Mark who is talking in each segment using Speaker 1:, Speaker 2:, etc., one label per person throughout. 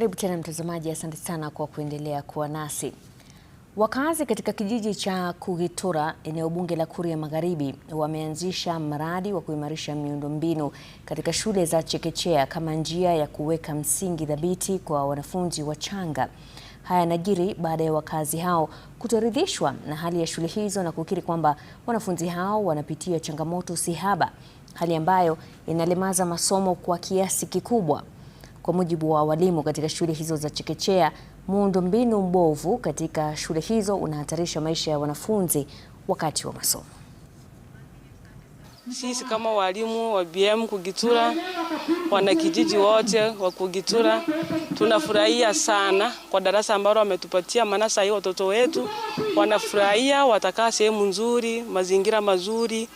Speaker 1: Karibu tena mtazamaji, asante sana kwa kuendelea kuwa nasi. Wakazi katika kijiji cha Kugitura, eneo bunge la Kuria Magharibi, wameanzisha mradi wa kuimarisha miundombinu katika shule za chekechea kama njia ya kuweka msingi thabiti kwa wanafunzi wachanga. Haya yanajiri baada ya wakazi hao kutoridhishwa na hali ya shule hizo na kukiri kwamba wanafunzi hao wanapitia changamoto si haba, hali ambayo inalemaza masomo kwa kiasi kikubwa. Kwa mujibu wa walimu katika shule hizo za chekechea, muundombinu mbovu katika shule hizo unahatarisha maisha ya wanafunzi wakati wa masomo.
Speaker 2: Sisi kama walimu wa BM Kugitura, wanakijiji wote wa Kugitura tunafurahia sana kwa darasa ambalo wametupatia, maana saa hii watoto wetu wanafurahia, watakaa sehemu nzuri, mazingira mazuri.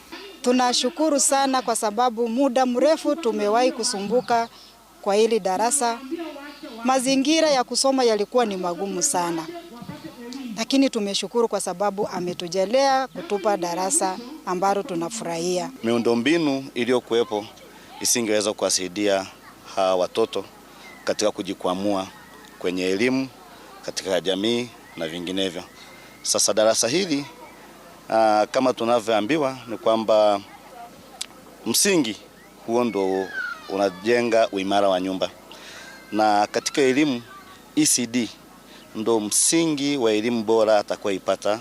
Speaker 3: Tunashukuru sana kwa sababu muda mrefu tumewahi kusumbuka kwa hili darasa. Mazingira ya kusoma yalikuwa ni magumu sana, lakini tumeshukuru kwa sababu ametujelea kutupa darasa ambalo tunafurahia.
Speaker 4: Miundombinu iliyokuwepo isingeweza kuwasaidia hawa watoto katika kujikwamua kwenye elimu katika jamii na vinginevyo. Sasa darasa hili aa, ah, kama tunavyoambiwa ni kwamba msingi huo ndo unajenga uimara wa nyumba. Na katika elimu ECD ndo msingi wa elimu bora ipata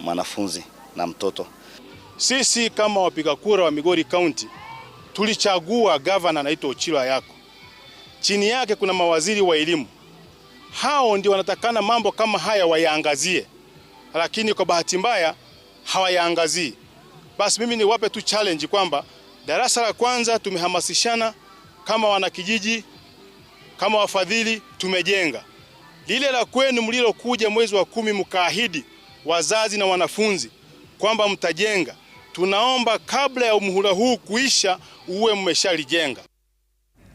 Speaker 4: mwanafunzi na mtoto.
Speaker 5: Sisi kama wapiga kura wa Migori County tulichagua gavana anaitwa Ochilo Ayako. Chini yake kuna mawaziri wa elimu, hao ndio wanatakana mambo kama haya wayaangazie, lakini kwa bahati mbaya hawayaangazii. Basi mimi niwape tu challenge kwamba Darasa la kwanza tumehamasishana kama wanakijiji, kama wafadhili, tumejenga lile la kwenu mlilokuja mwezi wa kumi, mkaahidi wazazi na wanafunzi kwamba mtajenga. Tunaomba kabla ya muhula huu kuisha, uwe mmeshalijenga.